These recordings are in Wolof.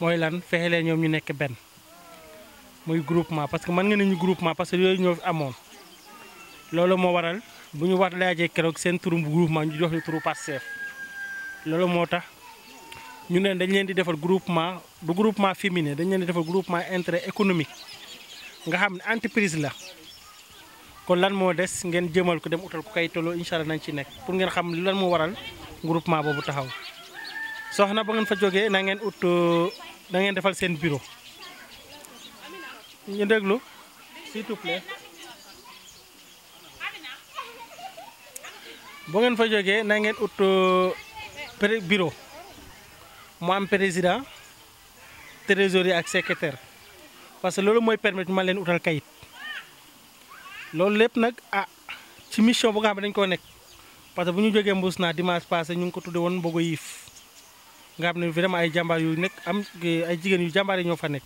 mooy lan fexe leen ñoom ñu nekk benn muy groupement parce que man nga nañu groupement parce que yooyu ñoo fi amoon loolu moo waral bu ñu war laajee keroog seen turu groupement ñu jox ñu turu loolu moo tax ñu ne dañu leen di defal groupement du groupement féminin dañ leen di defar groupement intérêt économique nga xam ne entreprise la kon lan moo des ngeen jëmal ko dem utal ko kay tolloo incha nañ ci nekk pour ngeen xam lan moo waral groupement boobu taxaw soxna ba ngeen fa jógee na ngeen ut na ngeen defal sen bureau ñu deglu s'il te plaît ba ngeen fa jógee na ngeen ut bureau permit am président trésorier ak secrétaire parce que lolu moy permettre ma leen outal kayit lolu lepp nag ah ci mission bu nga xam dañ ko nek parce que buñu ñu dimanche passé ñu ko tuddé won bogo nga xam ne vraiment ay jàmbaar yu nekk am ay jigéen yu jàmbaar yi ñoo fa nekk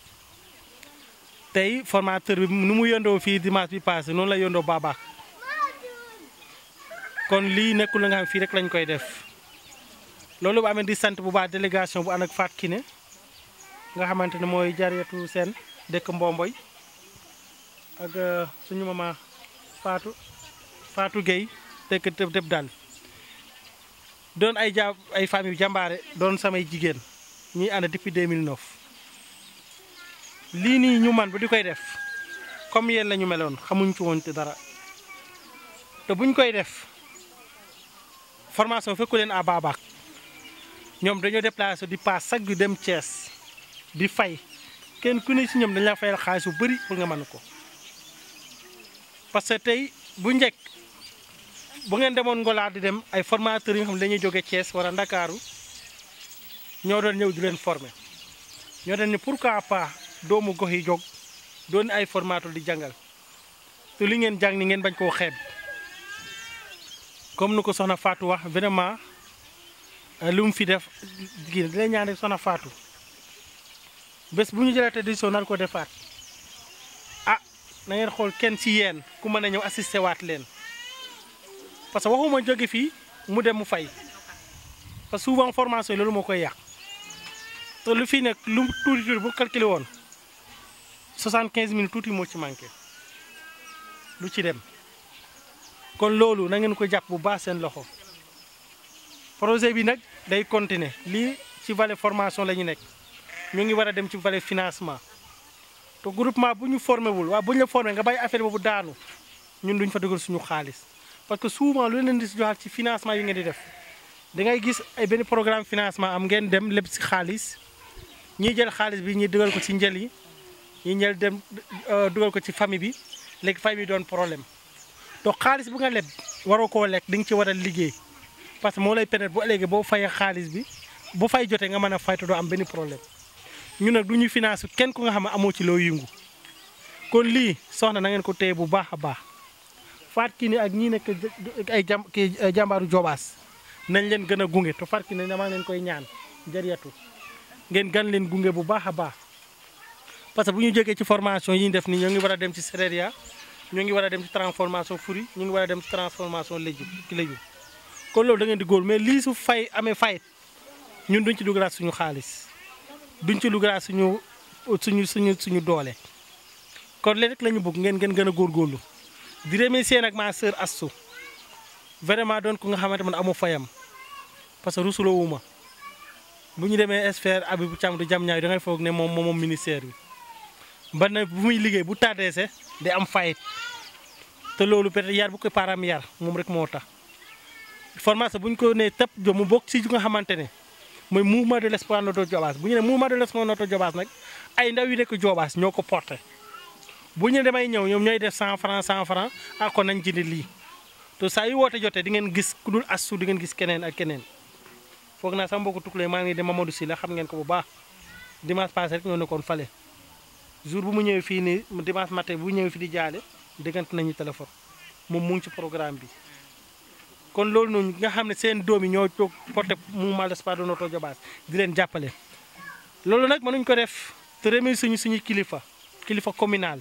tey formateur bi nu mu yondoo fii dimanche bi passé noonu la yëndoo baabaax kon lii nekkul la nga xam fii rek lañ koy def loolu bu amee di sant bu baax délégation bu ànd ak ki ne nga xamante ne mooy jareetu seen dëkk Mbomboy ak euh, suñu mama faatu Fatou Gueye dëkk dëb dëb daal doon ay ja ay femmes yu jàmbaare doon samay jigéen ñuy ànd depuis 2009 lii nii ñu man bu di koy def comme yéen lañu meloon xamuñ ci woon te dara te buñ koy def formation fekku leen à Babac ñoom dañoo déplacé di paas sag yu dem cees di fay kenn ku ne si ñoom dañ la fayal xaalis wu bëri pour nga mën ko parce tey bu njëkk. bu ngeen demoon ngolaa di dem ay formateurs yi nga xam ne dañuy jóge cees wala Ndakaaru ñoo doon ñëw di leen forme ñoo doon ne pourquoi pas doomu gox yi jóg doon ay formateur di jàngal te li ngeen jàng ni ngeen bañ koo xeeb comme nu ko soxna faatu wax vraiment euh, lu mu fi def kii di leen ñaan rek soxna Fatou bés bu ñu jëlee télévision nar ko defaat ah na ngeen xool kenn ci yéen ku mën a ñëw assister waat leen. parce que waxuma jóge fii mu dem mu fay parce que souvent formation yi loolu moo koy yàq te lu fii nekk lu tuuti tuuti bu calculé woon soixante quinze minutes tuuti moo ci manqué lu ci dem kon loolu na ngeen ko jàpp bu baax seen loxo projet bi nag day continuer lii ci volet formation la ñu nekk ñu ngi war a dem ci volet financement te groupement bu ñu formé wul waaw bu ñu la formé nga bay affaire boobu daanu ñun duñ fa dugal suñu xaalis parce que souvent lu leen di si joxaat ci financement yi ngeen di def da gis ay benn programme financement am ngeen dem leb si xaalis ñiy jël xaalis bi ñi dugal ko ci njël yi ñi njël dem euh, dugal ko ci famille bi léegi famille bi doon problème to xaalis bu nga leb waroo koo lekk di nga ci war a liggéey parce que moo lay permettre boo ëllëgee boo fayee xaalis bi bu fay jotee nga mën a fay te doo am benn problème ñu nag du ñu finance kenn ku nga xam ne amoo ci loo yëngu kon lii soxna na ngeen ko téye bu baax a baax. Fatkine ak ñi nek ay jam ki eh, jambaru jobas nañ leen gëna gungé to Fatkine dama leen koy ñaan jariatu ngeen gan leen gungé bu baaxa baax parce que bu ñu jégué ci formation yi def ni ñu ngi wara dem ci sereria ñu ngi wara dem ci transformation furi ñu ngi wara dem ci transformation leju ki leju ko lool da ngeen di gol mais li su fay amé fay ñun duñ ci dugalaat suñu xaaliss duñ ci dugalaat suñu suñu suñu suñu doole kon léegi rek lañu bëgg ngeen ngeen gor di remercier nag ma sœur astu vraiment doon ku nga xamante man amu fayam parce que rusuloowu ma bu ñu demee SPR Abibou bu du jam ñaay da ngay foog ne moom moom ministère bi ba ne bu muy liggéey bu taateese day am fayit te loolu peut yar bu ko param yar moom rek moo tax formation bu ñu ko nee tëpp jo mu bokk si ju nga xamante ne mooy mouvement de l'espoir noto Diobass bu ñu ne mouvement de l'espoir noto Diobass nag ay ndaw yi nekk Diobass ñoo ko porté bu ñu damay ñëw ñoom ñooy def 100 francs 100 francs ah kon nañ jënd li to sa yi wote jotté di ngeen gis ku dul astu di ngeen gis keneen ak keneen fokk na sama mbokku tuklé ma ngi dem Mamadou sila xam ngeen ko bu baax dimanche passé rek ñoo kon falé jour bu mu ñew fi ni dimanche matin bu ñew fi di jaale diggante nañu téléphone mom mu ngi ci programme bi kon lool ñu nga xam ne seen doomi ñoo tok porté mouvement d'espoir de notre Diobass di leen jappalé loolu nak mënuñ ko def te remercier suñu suñu kilifa kilifa communal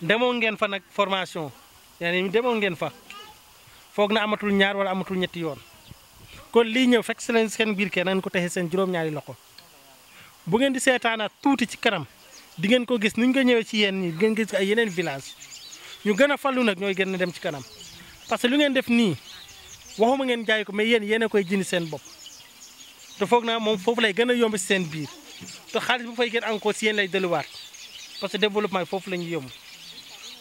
demoon ngeen fa nag formation yani demoon ngeen fa foog na amatul ñaar wala amatul ñetti yoon kon lii ñëw fekk si leen seen biir kee nañ ko texe seen juróom-ñaari loxo bu ngeen di seetaanaat tuuti ci kanam di ngeen ko gis nu ñu ko ñëwee ci yéen ñi di ngeen gis ay yeneen village ñu gën a fallu nag ñooy gën a dem ci kanam parce que lu ngeen def nii waxuma ngeen jaay ko mais yéen yéen a koy jënd seen bopp te foog naa moom foofu lay gën a yomb si seen biir te xaalis bu fay gën encore yéen lay delluwaat parce que développement foofu la ñuy yomb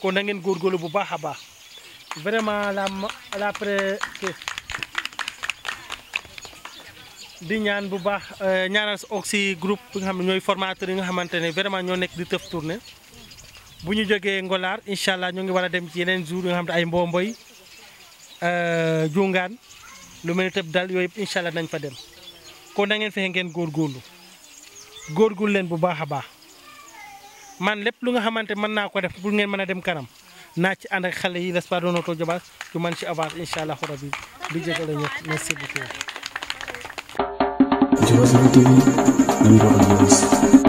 kon na ngeen góorgóorlu bu baakha baax vraiment la la pré di ñaan bu baax euh, ñaanal oxy group bi nga xam ñoy formateur yi nga xamantene vraiment ño nek di teuf tourner bu ñu ñu ngi wara dem ci yeneen jour yi nga xam ay mbomboy euh, jungaan lu mel tepp dal yoy inshallah nañ fa dem ko na ngeen fexé ngeen len bu baakha baax. man lépp lu nga xamante mën naa ko def pour ngeen mën a dem kanam naa ci ànd ak xale yi n'est-ce pas doon oto Jobaas ñu mën ci avance incha allah rabi di jégal a ñëpp merci beaucoup. Jobaas